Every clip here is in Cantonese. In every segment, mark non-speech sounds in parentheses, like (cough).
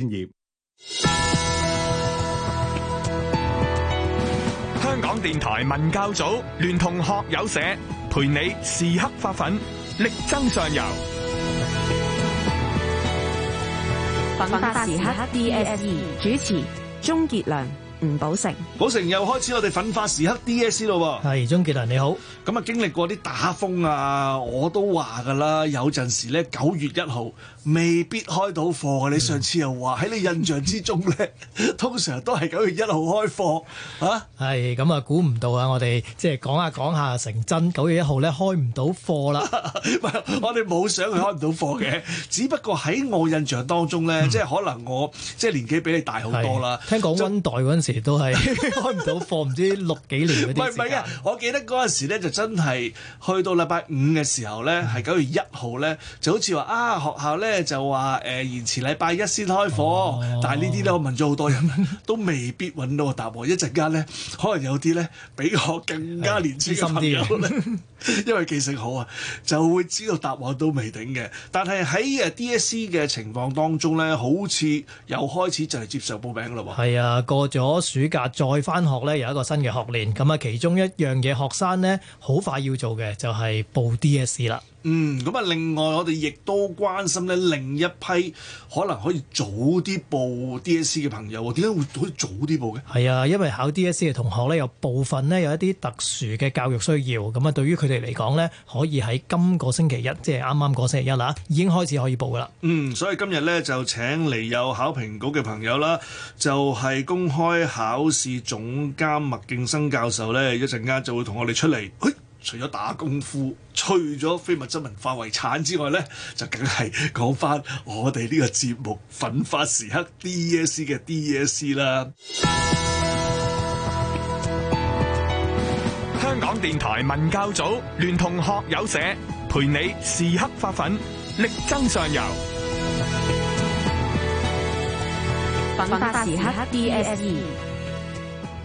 專業香港電台文教組聯同學友社，陪你時刻發奮，力爭上游。奮發時刻 DSE 主持鍾杰良。吳寶成，寶成又開始我哋奮發時刻 DSE 咯喎，係鍾傑倫，你好，咁啊經歷過啲打風啊，我都話㗎啦，有陣時咧九月一號未必開到貨，你上次又話喺你印象之中咧，通常都係九月一號開貨嚇，係咁啊估唔到啊，我哋即係講下講下成真，九月一號咧開唔到貨啦，唔係我哋冇想佢開唔到貨嘅，只不過喺我印象當中咧，即係可能我即係年紀比你大好多啦，聽講溫黛嗰陣時，都係開唔到課，唔 (laughs) 知六幾年啲。唔係唔係啊！我記得嗰陣時咧，就真係去到禮拜五嘅時候咧，係九的月一號咧，就好似話啊，學校咧就話誒延遲禮拜一先開課。哦、但係呢啲咧，我問咗好多人，都未必揾到個答案。一陣間咧，可能有啲咧比我更加年資深啲。 (laughs) 因為記性好啊，就會知道答案都未定嘅。但係喺 D S C 嘅情況當中咧，好似又開始就係接受報名㗎喎。係啊，過咗。暑假再翻學呢，有一個新嘅學年，咁啊，其中一樣嘢，學生呢好快要做嘅就係報 DSE 啦。嗯，咁啊，另外我哋亦都關心咧，另一批可能可以早啲報 DSE 嘅朋友啊，點解會可以早啲報嘅？係啊，因為考 DSE 嘅同學咧，有部分咧有一啲特殊嘅教育需要，咁啊，對於佢哋嚟講咧，可以喺今個星期一，即係啱啱個星期一啦，已經開始可以報噶啦。嗯，所以今日咧就請嚟有考評局嘅朋友啦，就係公開考試總監麥勁生教授咧，一陣間就會同我哋出嚟。欸除咗打功夫、吹咗非物質文化遺產之外咧，就梗係講返我哋呢個節目奮發時刻 D, D S C 嘅 D S C 啦。香港電台文教組聯同學友社陪你時刻發奮，力爭上游。奮發時刻 DSE。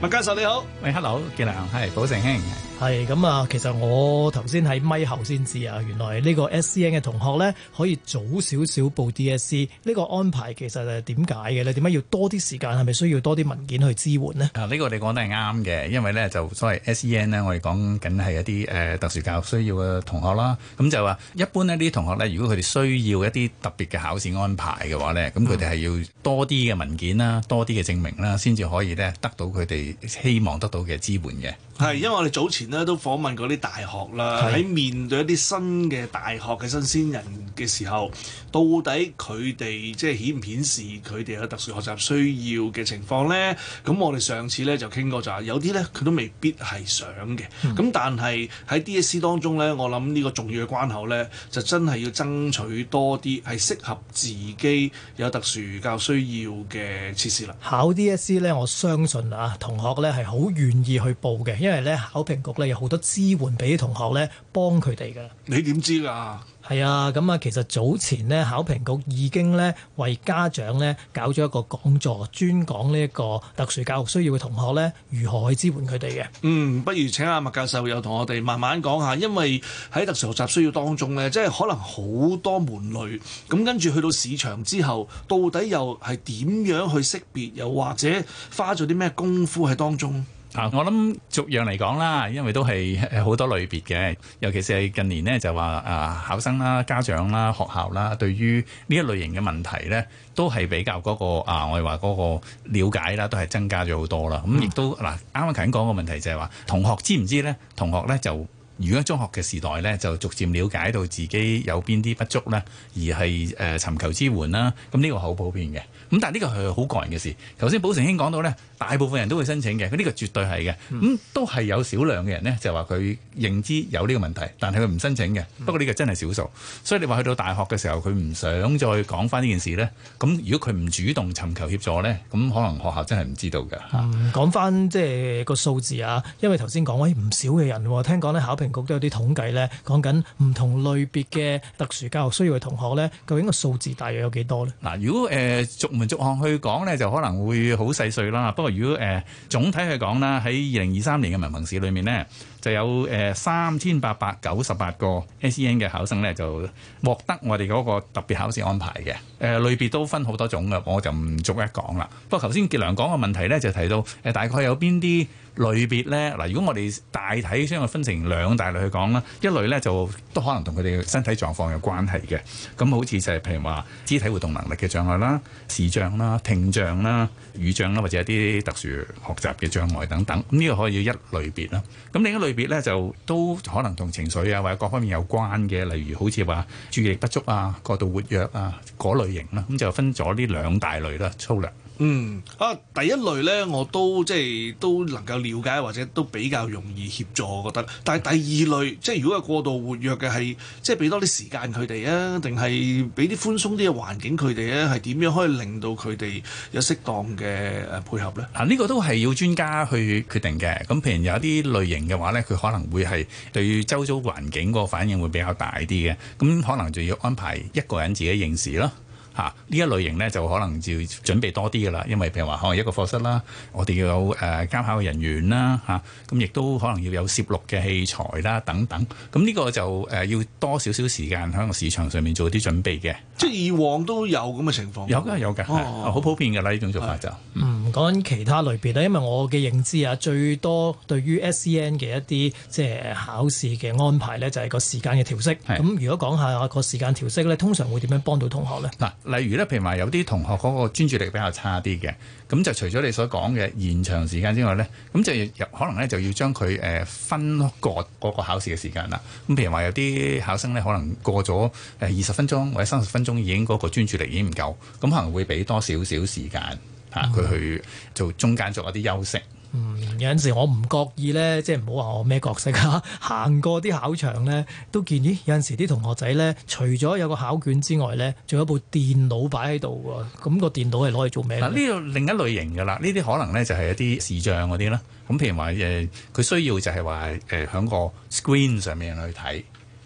麥教授你好，喂、hey，Hello，建良係，寶成兄。係咁啊！其實我頭先喺咪後先知啊，原來呢個 SEN 嘅同學咧可以早少少報 DSE。呢個安排其實係點解嘅咧？點解要多啲時間？係咪需要多啲文件去支援呢？啊，呢、呢個我哋講得係啱嘅，因為咧就所謂 SEN 咧，我哋講緊係一啲、呃、特殊教育需要嘅同學啦。咁就話一般呢啲同學咧，如果佢哋需要一啲特別嘅考試安排嘅話咧，咁佢哋係要多啲嘅文件啦，多啲嘅證明啦，先至可以咧得到佢哋希望得到嘅支援嘅。係是，嗯、因為我哋早前。都訪問過啲大學啦，喺是面對一啲新嘅大學嘅新鮮人嘅時候，到底佢哋即係顯唔顯示佢哋有特殊學習需要嘅情況呢？咁我哋上次咧就傾過就話，有啲咧佢都未必係想嘅。咁、嗯、但係喺 DSE 當中咧，我諗呢個重要嘅關口咧，就真係要爭取多啲係適合自己有特殊教育需要嘅設施啦。考 DSE 咧，我相信啊同學咧係好願意去報嘅，因為咧考評局。我哋有好多支援俾啲同學咧，幫佢哋嘅。你點知㗎？係啊，咁啊，其實早前呢，考評局已經咧為家長咧搞咗一個講座，專講呢一個特殊教育需要嘅同學咧，如何去支援佢哋嘅。嗯，不如請阿麥教授又同我哋慢慢講下，因為喺特殊學習需要當中咧，即係可能好多門類。咁跟住去到市場之後，到底又係點樣去識別？又或者花咗啲咩功夫喺當中？啊、我諗逐樣嚟講啦，因為都係好多類別嘅，尤其是係近年呢，就話啊考生啦、家長啦、學校啦、啊，對於呢一類型嘅問題呢，都係比較嗰、那個啊，我哋話嗰個了解啦，都係增加咗好多啦。咁、嗯、亦都嗱，啱啱頭先講個問題就係、是、話同學知唔知呢？同學呢，就如果喺中學嘅時代呢，就逐漸了解到自己有邊啲不足呢，而係誒、呃、尋求支援啦。咁、啊、呢、這個好普遍嘅。咁但係呢個係好個人嘅事。頭先寶成兄講到呢。大部分人都會申請嘅，佢、這、呢個絕對係嘅。咁、嗯嗯、都係有少量嘅人呢，就話佢認知有呢個問題，但係佢唔申請嘅。不過呢個真係少數。嗯、所以你話去到大學嘅時候，佢唔想再講翻呢件事呢。咁如果佢唔主動尋求協助呢，咁可能學校真係唔知道㗎。講翻即係個數字啊，因為頭先講位唔少嘅人喎、啊，聽講咧考評局都有啲統計呢。講緊唔同類別嘅特殊教育需要嘅同學呢，究竟個數字大約有幾多呢？嗱，如果誒、呃、逐門逐項去講呢，就可能會好細碎啦。如果誒、呃、總體去講啦，喺二零二三年嘅文憑試裏面咧。就有誒三千八百九十八個 SEN 嘅考生呢就獲得我哋嗰個特別考試安排嘅。誒、呃、類別都分好多種嘅，我就唔逐一講啦。不過頭先傑良講嘅問題呢，就提到誒、呃、大概有邊啲類別呢？嗱、呃，如果我哋大體將佢分成兩大類去講啦，一類呢就都可能同佢哋身體狀況有關係嘅。咁好似就係譬如話肢體活動能力嘅障礙啦、視障啦、聽障啦、語障啦，或者一啲特殊學習嘅障礙等等。咁呢個可以一類別啦。咁另一類。特別呢就都可能同情緒啊或者各方面有關嘅，例如好似話注意力不足啊、過度活躍啊嗰類型啦，咁就分咗呢兩大類啦，粗略。嗯啊，第一類咧，我都即係都能夠了解或者都比較容易協助，我覺得。但係第二類，即係如果係過度活躍嘅，係即係俾多啲時間佢哋啊，定係俾啲寬鬆啲嘅環境佢哋啊，係點樣可以令到佢哋有適當嘅配合咧？嗱，呢個都係要專家去決定嘅。咁譬如有一啲類型嘅話咧，佢可能會係對於周遭環境個反應會比較大啲嘅，咁可能就要安排一個人自己認識咯。嚇呢一類型呢，就可能就要準備多啲噶啦，因為譬如話，可能一個課室啦，我哋要有誒監考嘅人員啦，嚇咁亦都可能要有攝錄嘅器材啦等等。咁呢個就誒要多少少時間喺個市場上面做啲準備嘅。即係以往都有咁嘅情況。有嘅有嘅，好、哦、普遍嘅啦，呢種做法就是。唔講是其他類別咧，因為我嘅認知啊，最多對於 S C N 嘅一啲即係考試嘅安排呢，就係個時間嘅調適。咁是如果講下個時間調適呢，通常會點樣幫到同學咧？例如咧，譬如話有啲同學嗰個專注力比較差啲嘅，咁就除咗你所講嘅延長時間之外咧，咁就可能咧就要將佢誒分隔嗰個考試嘅時間啦。咁譬如話有啲考生咧，可能過咗誒二十分鐘或者三十分鐘已經嗰個專注力已經唔夠，咁可能會俾多少少時間佢、嗯、去做中間做一啲休息。嗯，有陣時我唔覺意咧，即係唔好話我咩角色啊。行過啲考場咧，都見咦？有陣時啲同學仔咧，除咗有個考卷之外咧，仲有部電腦擺喺度喎。咁個電腦係攞嚟做咩？嗱，呢個另一類型嘅啦，呢啲可能咧就係一啲視像嗰啲啦。咁譬如話誒，佢、呃、需要就係話誒，喺個 screen 上面去睇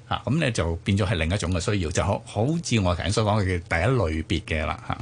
啊。咁咧就變咗係另一種嘅需要，就好好似我頭先所講嘅第一類別嘅啦嚇。啊。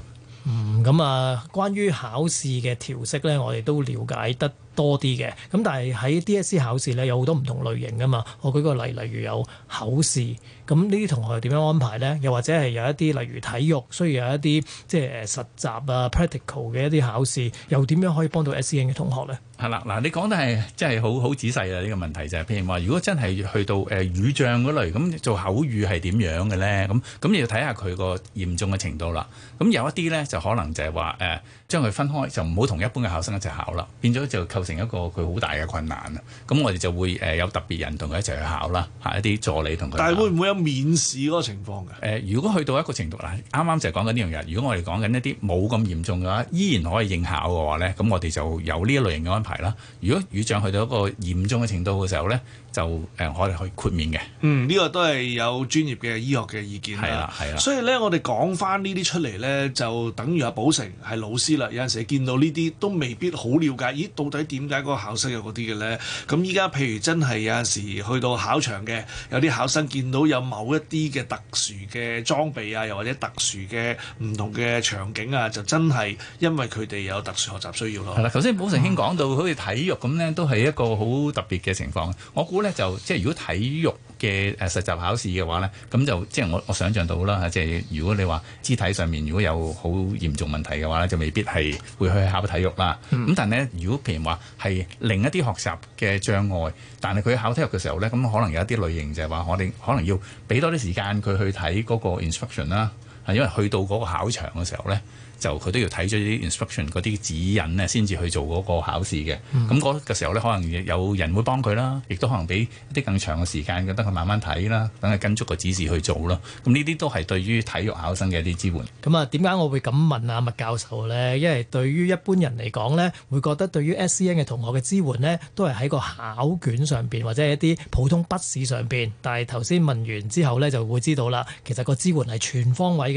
嗯，咁啊，關於考試嘅調適咧，我哋都了解得多啲嘅，咁但係喺 DSE 考試呢，有好多唔同類型㗎嘛，我舉個例，例如有考試，咁呢啲同學又點樣安排呢？又或者係有一啲例如體育，需要有一啲即係誒實習啊 practical 嘅一啲考試，又點樣可以幫到 S 型嘅同學呢？係啦，嗱，你講得係真係好好仔細呀，呢、這個問題就係、是、譬如話，如果真係去到誒、呃、語障嗰類，咁做口語係點樣嘅呢？咁咁你要睇下佢個嚴重嘅程度啦。咁有一啲呢，就可能就係話誒將佢分開，就唔好同一般嘅考生一齊考啦，變咗就成一個佢好大嘅困難啦，咁我哋就會誒有特別人同佢一齊去考啦，係一啲助理同佢。但係會唔會有面試嗰個情況嘅？誒、呃，如果去到一個程度啦，啱啱就係講緊呢樣嘢。如果我哋講緊一啲冇咁嚴重嘅話，依然可以應考嘅話呢，咁我哋就有呢一類型嘅安排啦。如果語障去到一個嚴重嘅程度嘅時候呢，就誒可以去豁免嘅。嗯，呢、這個都係有專業嘅醫學嘅意見啦，係啦係啦。所以呢，我哋講翻呢啲出嚟呢，就等於阿寶成係老師啦。有陣時候你見到呢啲都未必好了解，咦？到底點解嗰個考生有嗰啲嘅咧？咁依家譬如真係有陣時去到考場嘅，有啲考生見到有某一啲嘅特殊嘅裝備啊，又或者特殊嘅唔同嘅場景啊，就真係因為佢哋有特殊學習需要咯。係啦，頭先保成兄講到好似、嗯、體育咁咧，都係一個好特別嘅情況。我估咧就即係如果體育。嘅實習考試嘅話咧，咁就即係我我想像到啦，即係如果你話肢體上面如果有好嚴重問題嘅話咧，就未必係會去考體育啦。咁、嗯、但係咧，如果譬如話係另一啲學習嘅障礙，但係佢考體育嘅時候咧，咁可能有一啲類型就係話我哋可能要俾多啲時間佢去睇嗰個 instruction 啦。因為去到嗰個考場嘅時候呢，就佢都要睇咗啲 instruction 嗰啲指引咧，先至去做嗰個考試嘅。咁嗰個時候呢，可能有人會幫佢啦，亦都可能俾一啲更長嘅時間，等佢慢慢睇啦，等佢跟足個指示去做咯。咁呢啲都係對於體育考生嘅一啲支援。咁啊，點解我會咁問啊？麥教授呢，因為對於一般人嚟講呢，會覺得對於 S.C.N 嘅同學嘅支援呢，都係喺個考卷上面，或者一啲普通筆試上面。但係頭先問完之後呢，就會知道啦，其實個支援係全方位。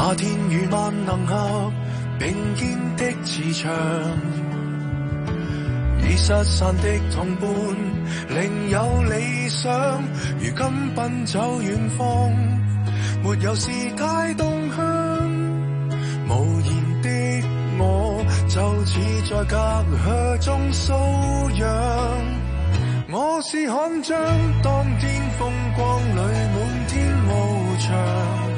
那天與萬能俠並肩的磁場，已失散的同伴，另有理想，如今奔走遠方，沒有事態動向。無言的我，就似在隔靴中搔癢。我是看將當天風光裏滿天翱翔。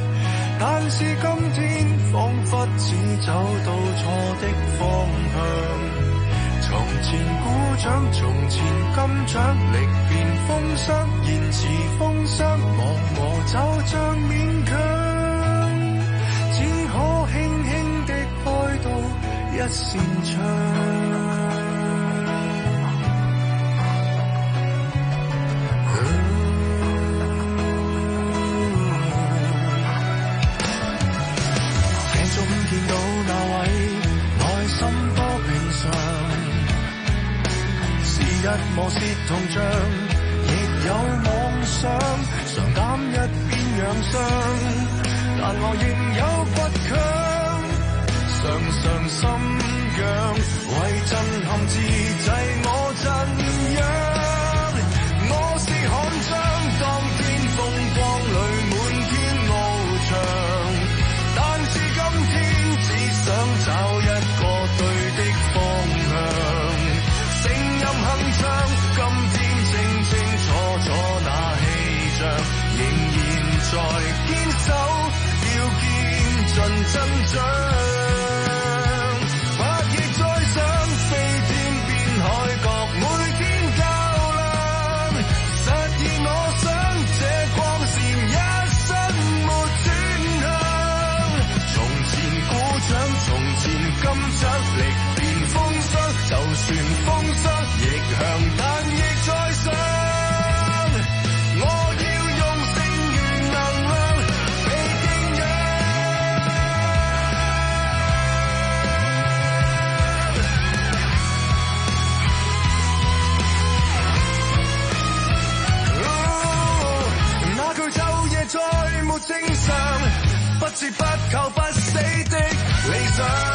但是今天仿佛只走到錯的方向從，從前鼓掌，從前金獎力變風霜，言辭風霜，茫茫就像勉強，只可輕輕的開到一線窗。一磨蝕銅像，亦有妄想，嘗膽一邊養傷，但我仍有倔強，常常心癢，為震撼自制我陣仰。是不求不死的理想。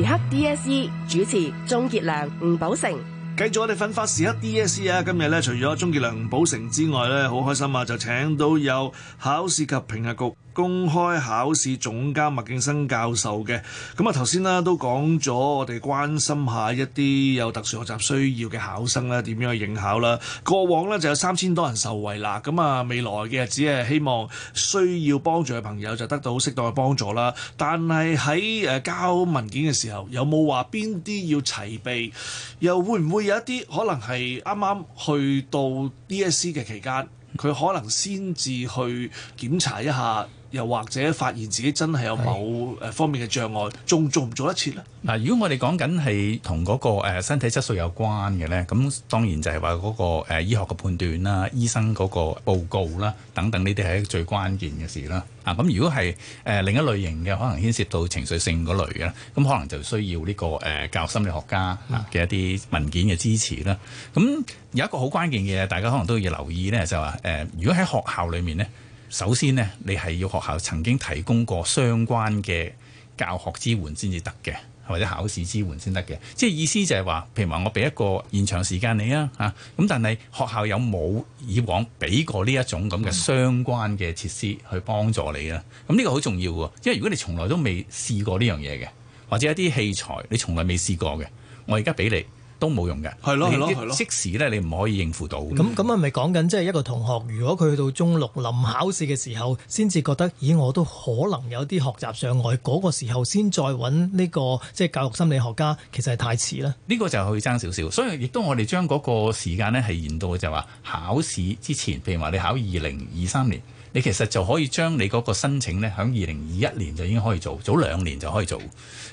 時刻 DSE 主持，鍾杰良吳寶成，繼續我哋奮發時刻 DSE 啊！今日咧，除咗鍾杰良吳寶成之外咧，好開心啊，就請到有考試及評核局。公開考試總監麥勁生教授嘅，咁啊，頭先啦都講咗，我哋關心一下一啲有特殊學習需要嘅考生啦，點樣去應考啦。過往呢就有三千多人受惠啦，咁啊未來嘅日子係希望需要幫助嘅朋友就得到適當嘅幫助啦。但係喺誒交文件嘅時候，有冇話邊啲要齊備？又會唔會有一啲可能係啱啱去到 DSE 嘅期間，佢可能先至去檢查一下？又或者發現自己真係有某誒方面嘅障礙，仲是做唔做得切呢？嗱，如果我哋講緊係同嗰個身體質素有關嘅呢，咁當然就係話嗰個誒醫學嘅判斷啦、醫生嗰個報告啦等等，呢啲係一個最關鍵嘅事啦。啊，咁如果係誒另一類型嘅，可能牽涉到情緒性嗰類嘅，咁可能就需要呢個誒教心理學家嘅一啲文件嘅支持啦。咁、嗯、有一個好關鍵嘅嘢，大家可能都要留意呢，就話誒，如果喺學校裏面呢。首先咧，你係要學校曾經提供過相關嘅教學支援先至得嘅，或者考試支援先得嘅。即係意思就係話，譬如話我俾一個延長時間你啊，吓咁，但係學校有冇以往俾過呢一種咁嘅相關嘅設施去幫助你咧？咁呢個好重要喎，因為如果你從來都未試過呢樣嘢嘅，或者一啲器材你從來未試過嘅，我而家俾你，都冇用嘅，係咯，係咯，即時咧你唔可以應付到。咁，咁係咪講緊即係一個同學，如果佢去到中六臨考試嘅時候，先至覺得，咦，我都可能有啲學習障礙，嗰個時候先再揾呢個即係教育心理學家，其實係太遲啦。呢個就係佢爭少少，所以亦都我哋將嗰個時間咧係延到就話考試之前，譬如話你考二零二三年。你其實就可以將你嗰個申請呢，喺二零二一年就已經可以做，早兩年就可以做。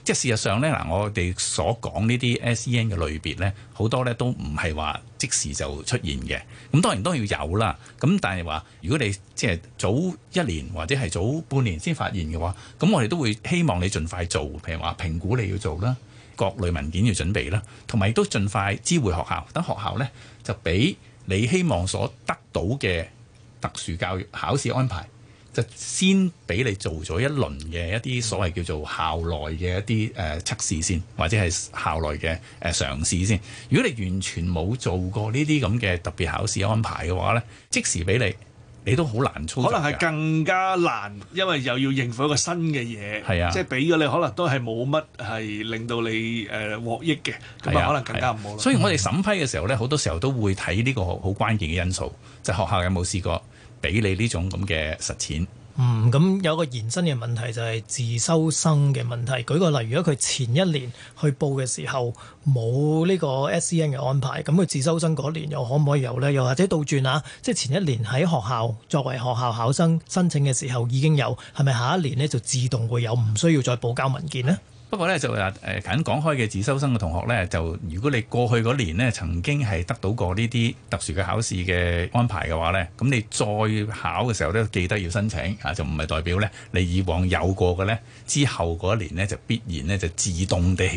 即係事實上呢，嗱我哋所講呢啲 S.E.N 嘅類別呢，好多呢都唔係話即時就出現嘅。咁當然都要有啦。咁但係話如果你即係早一年或者係早半年先發現嘅話，咁我哋都會希望你盡快做。譬如話評估你要做啦，各類文件要準備啦，同埋都盡快知會學校。等學校呢，就俾你希望所得到嘅。特殊教育考試安排，就先俾你做咗一輪嘅一啲所謂叫做校內嘅一啲誒、呃、測試先，或者係校內嘅誒、呃、嘗試先。如果你完全冇做過呢啲咁嘅特別考試安排嘅話呢，即時俾你，你都好難操的，可能係更加難，因為又要應付一個新嘅嘢。係啊、即係俾咗你，可能都係冇乜係令到你誒、呃、獲益嘅，咁啊可能更加唔好、啊啊。所以我哋審批嘅時候呢，好多時候都會睇呢個好關鍵嘅因素，就係、係、學校有冇試過。俾你呢種咁嘅實踐。嗯，咁有一個延伸嘅問題就係自修生嘅問題。舉個例，如果佢前一年去報嘅時候冇呢個 SCN 嘅安排，咁佢自修生嗰年又可唔可以有呢？又或者倒轉啊，即係前一年喺學校作為學校考生申請嘅時候已經有，係咪下一年呢就自動會有，唔需要再補交文件呢？不過咧就話誒近講開嘅自修生嘅同學呢，就如果你過去嗰年呢曾經係得到過呢啲特殊嘅考試嘅安排嘅話呢，咁你再考嘅時候都記得要申請，就唔係代表呢你以往有過嘅呢。之後嗰一年呢，就必然呢，就自動地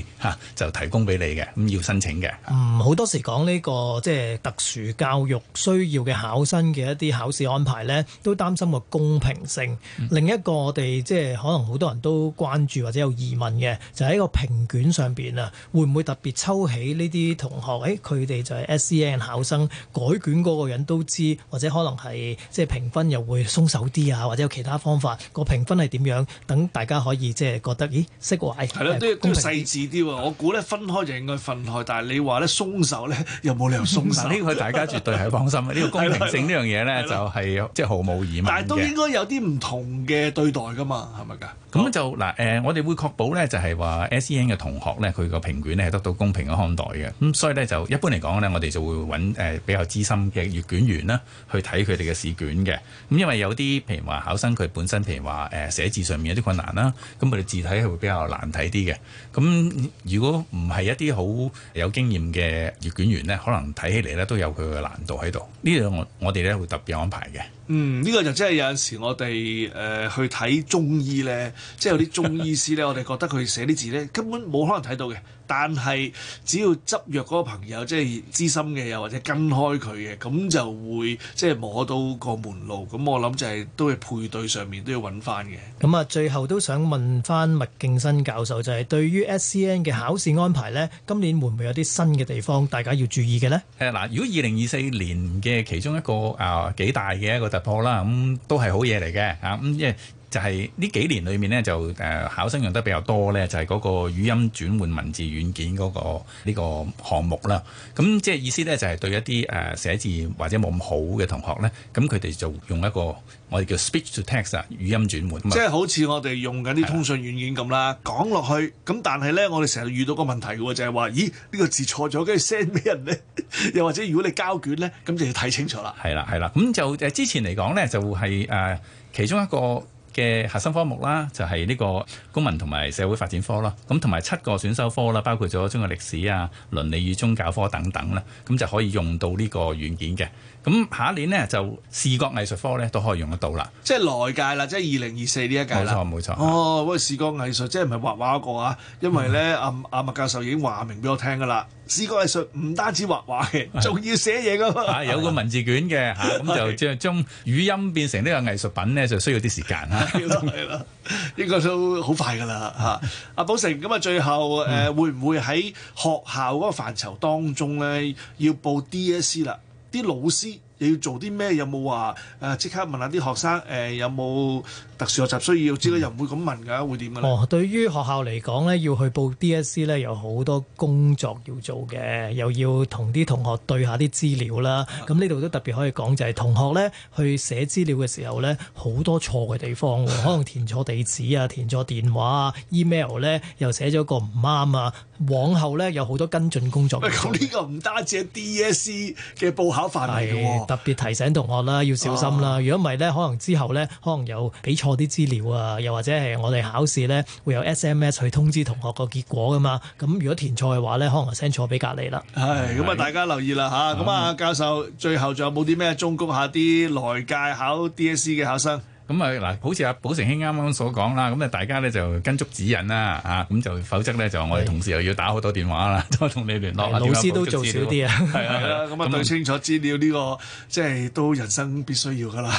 就提供俾你嘅，咁要申請嘅。嗯，好多時講呢個即係特殊教育需要嘅考生嘅一啲考試安排呢，都擔心個公平性。嗯，另一個我哋即係可能好多人都關注或者有疑問嘅。就喺個評卷上邊啊，會唔會特別抽起呢啲同學？誒、哎，佢哋就係 SEN 考生改卷嗰個人都知道，或者可能係即係評分又會鬆手啲啊，或者有其他方法個評分係點樣？等大家可以即係覺得，咦，識壞？係咯，的，都要公佈細緻啲喎。我估咧分開就應該分開，但係你話咧鬆手咧，又冇理由鬆手。呢個大家絕對係放心呢 (laughs) 個公平性呢樣嘢咧就係即係毫無疑問。但係都應該有啲唔同嘅對待㗎嘛，係咪㗎？咁好就嗱誒、呃，我哋會確保咧就係、是。係話 S.E.N 嘅同學呢，佢個評卷呢，係得到公平嘅看待嘅，咁所以呢，就一般嚟講呢，我哋就會揾誒比較資深嘅閱卷員啦，去睇佢哋嘅試卷嘅。咁因為有啲譬如話考生佢本身譬如話誒寫字上面有啲困難啦，咁佢哋字體係會比較難睇啲嘅。咁如果唔係一啲好有經驗嘅閱卷員呢，可能睇起嚟呢，都有佢嘅難度喺度。呢樣我我我哋呢，會特別安排嘅。嗯，呢、這個就真係有陣時候我哋誒、呃、去睇中醫咧，即係有啲中醫師咧， (laughs) 我哋覺得佢寫啲字咧，根本冇可能睇到嘅。但係只要執藥嗰個朋友即係資深嘅，又、就是、或者跟開佢嘅，咁就會即係摸到個門路。咁我諗就係都係配對上面都要揾翻嘅。咁啊，最後都想問翻麥勁生教授，就係、是、對於 S C N 嘅考試安排呢，今年會唔會有啲新嘅地方大家要注意嘅呢？誒嗱，如果二零二四年嘅其中一個啊幾、呃、大嘅一個突破啦，咁、嗯、都係好嘢嚟嘅，嚇咁耶。因為就係呢幾年裏面呢，就呃考生用得比較多呢，就係嗰個語音轉換文字軟件嗰個呢個項目啦。咁即係意思呢，就係對一啲呃寫字或者冇咁好嘅同學呢，咁佢哋就用一個我哋叫 speech to text 語音轉換。即係好似我哋用緊啲通訊軟件咁啦，講落去咁，但係呢，我哋成日遇到個問題嘅喎，就係話，咦呢個字錯咗，跟住 send 俾人呢？又或者如果你交卷呢，咁就要睇清楚啦。係啦，係啦，咁就之前嚟講呢，就係呃其中一個。嘅核心科目啦，就係、是、呢個公民同埋社會發展科啦，咁同埋七個選修科啦，包括咗中國歷史啊、倫理與宗教科等等啦，咁就可以用到呢個軟件嘅。咁下一年呢，就視覺藝術科呢都可以用得到啦。即係內界啦，即係二零二四呢一屆。冇錯，冇錯。哦，喂，視覺藝術即係唔係畫畫嗰個啊？因為呢，阿阿、嗯啊、麥教授已經話明俾我聽噶啦，視覺藝術唔單止畫畫嘅，仲的要寫嘢噶、啊。有個文字卷嘅嚇，咁的、啊、就即係將語音變成呢個藝術品呢，就需要啲時間嚇。係啦，應該 (laughs) (laughs) 都好快噶啦嚇。阿寶成咁啊，最後誒、呃、會唔會喺學校嗰個範疇當中咧，要報 DSE 啦？啲老師又要做啲咩？有冇話誒即刻問下啲學生誒、呃、有冇？特殊學習需要知，知，道又唔會咁問㗎，會點樣？咧？哦，對於學校嚟講咧，要去報 DSE 咧，有好多工作要做嘅，又要同啲同學對下啲資料啦。咁呢度都特別可以講、就是，就係同學咧去寫資料嘅時候咧，好多錯嘅地方，可能填錯地址啊，填錯電話啊 (laughs) ，email 咧又寫咗個唔啱啊。往後咧有好多跟進工作。咁呢、哎這個唔單止係 DSE 嘅報考範圍㗎喎。特別提醒同學啦，要小心啦。如果唔係咧，可能之後咧，可能有比賽。我啲資料啊，又或者係我哋考試呢，會有 SMS 去通知同學個結果噶嘛。咁如果填錯嘅話呢，可能 sent 錯俾隔離啦。係，咁啊大家留意啦吓，咁啊的教授，最後仲有冇啲咩中穀忠告下啲來屆考 DSE 嘅考生？咁啊嗱，好似阿保成卿啱啱所講啦，咁啊大家呢就跟足指引啦嚇，咁就否則呢，就我哋同事又要打好多電話啦，再同的你聯絡，老師都做少啲啊，係啊，咁啊對清楚資料呢，這個即係都人生必須要噶啦。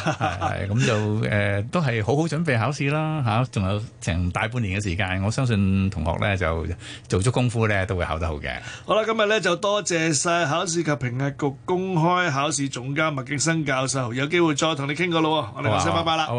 咁就誒都係好好準備考試啦嚇，仲有成大半年嘅時間，我相信同學呢就做足功夫呢都會考得好嘅。好啦，今日呢就多謝晒考試及評核局公開考試總監麥勁生教授，有機會再同你傾過咯。我哋話聲拜拜啦。哦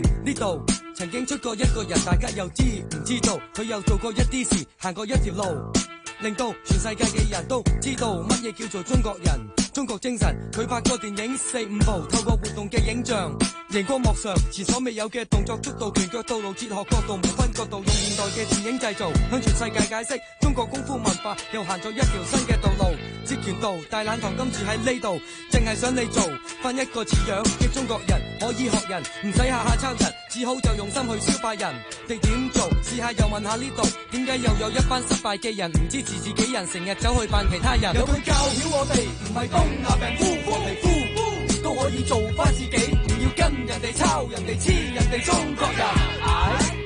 呢度曾經出過一個人，大家又知唔知道？佢又做過一啲事，行過一條路，令到全世界嘅人都知道乜嘢叫做中國人、中國精神。佢拍過電影四五部，透過活動嘅影像、熒光幕上，前所未有嘅動作速度、拳腳道路、哲學角度、無分角度，用現代嘅電影製造向全世界解釋。個功夫文化又行咗一條新嘅道路，截拳道大懶堂今次喺呢度，淨係想你做，返一個似樣嘅中國人，可以學人，唔使下下抄人，只好就用心去消化人。你點做？試下又問下呢度，點解又有一班失敗嘅人唔支持自己人，成日走去扮其他人。有佢教曉我哋，唔係東亞病夫，皮膚都可以做翻自己，唔要跟人哋抄，人哋黐，人哋中國人。I?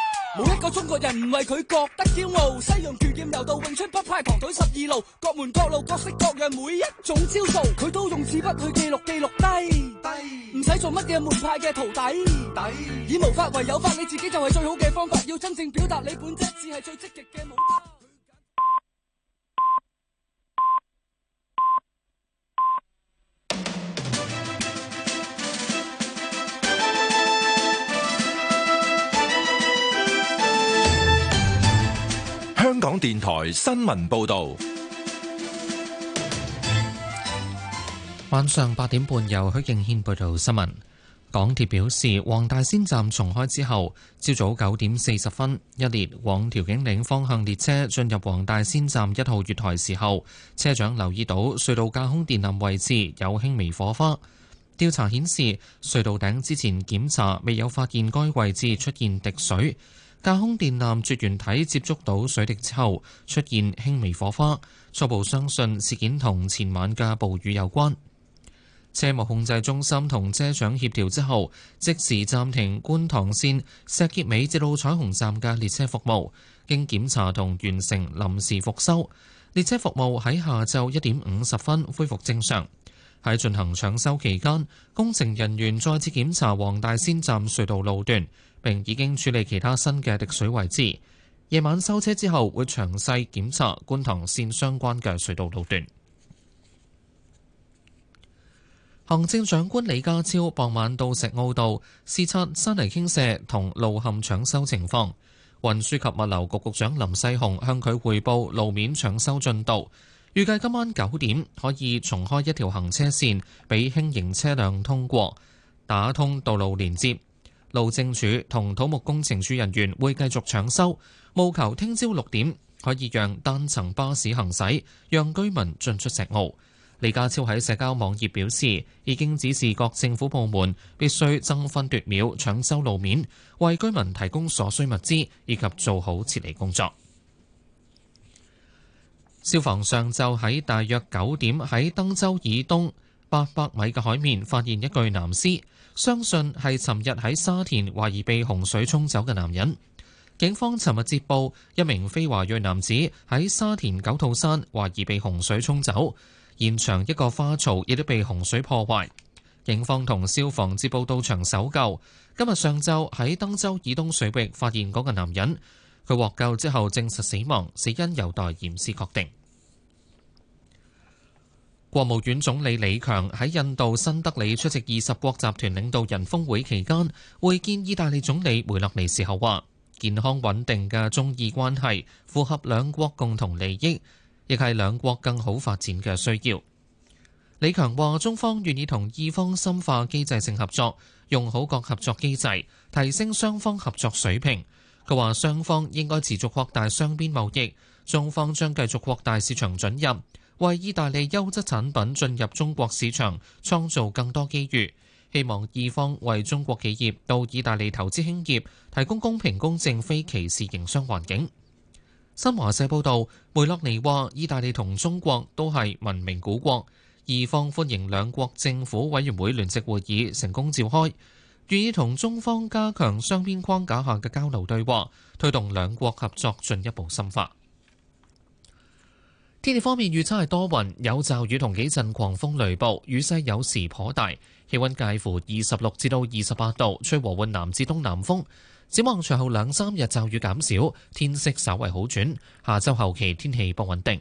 冇一個中國人唔為佢覺得驕傲，西洋拳、劍、柔道、詠春、北派旁隊十二路，各門各路、各式各樣，每一種招數，佢都用紙筆去記錄，記錄低低，唔使做乜嘅門派嘅徒弟，以無法為有法，你自己就係最好嘅方法，要真正表達你本質，只係最積極嘅武。香港電台新聞報道，晚上八點半由許敬軒報道新聞。港鐵表示，黃大仙站重開之後，朝早九點四十分，一列往調景嶺方向列車進入黃大仙站一號月台時候，車長留意到隧道架空電纜位置有輕微火花。調查顯示，隧道頂之前檢查未有發現該位置出現滴水。架空電纜絕緣體接觸到水滴之後，出現輕微火花，初步相信事件同前晚嘅暴雨有關。車務控制中心同車長協調之後，即時暫停觀塘綫石硤尾至到彩虹站嘅列車服務。經檢查同完成臨時復修，列車服務喺下晝一點五十分恢復正常。喺進行搶修期間，工程人員再次檢查黃大仙站隧道路段。並已經處理其他新嘅滴水位置。夜晚收車之後，會詳細檢查觀塘線相關嘅隧道路段。行政長官李家超傍晚到石澳道視察山泥傾瀉同路陷搶修情況。運輸及物流局局長林世雄向佢匯報路面搶修進度，預計今晚九點可以重開一條行車線俾輕型車輛通過，打通道路連接。路政署同土木工程署人員會繼續搶修，務求聽朝六點可以讓單層巴士行駛，讓居民進出石澳。李家超喺社交網頁表示，已經指示各政府部門必須爭分奪秒搶修路面，為居民提供所需物資，以及做好撤離工作。消防上晝喺大約九點喺登州以東八百米嘅海面發現一具男屍。相信係尋日喺沙田懷疑被洪水沖走嘅男人。警方尋日接報一名非華裔男子喺沙田九肚山懷疑被洪水沖走，現場一個花槽亦都被洪水破壞，警方同消防接報到場搜救，今日上晝喺登州以東水域發現嗰個男人，佢獲救之後證實死亡，死因有待驗屍確定。國務院總理李強喺印度新德里出席二十國集團領導人峰會期間會見意大利總理梅洛尼時候話：健康穩定嘅中意關係符合兩國共同利益，亦係兩國更好發展嘅需要。李強話：中方願意同意方深化機制性合作，用好各合作機制，提升雙方合作水平。佢話：雙方應該持續擴大雙邊貿易，中方將繼續擴大市場准入。為意大利優質產品進入中國市場創造更多機遇，希望義方為中國企業到意大利投資興業提供公平公正、非歧視營商環境。新華社報道，梅洛尼話意大利同中國都係文明古國，義方歡迎兩國政府委員會聯席會議成功召開，願意同中方加強雙邊框架下嘅交流對話，推動兩國合作進一步深化。天氣方面預測係多雲，有驟雨同幾陣狂風雷暴，雨勢有時頗大。氣溫介乎二十六至到二十八度，吹和緩南至東南風。展望隨後兩三日驟雨減少，天色稍為好轉。下周後期天氣不穩定。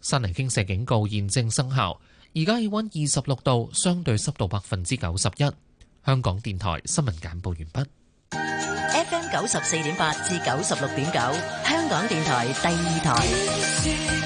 山泥傾瀉警告現正生效，而家氣溫二十六度，相對濕度百分之九十一。香港電台新聞簡報完畢。FM 九十四點八至九十六點九，香港電台第二台。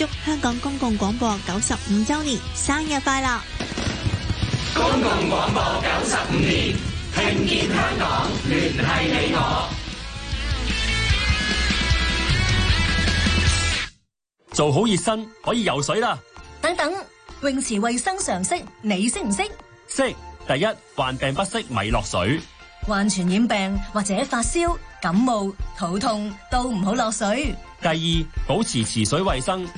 祝香港公共廣播九十五周年生日快樂！公共廣播九十五年，聽見香港，聯繫你我。做好熱身可以游水啦。等等，泳池衛生常識你識唔識？識！第一，患病不適咪落水。患傳染病或者發燒、感冒、肚痛都唔好落水。第二，保持池水衛生。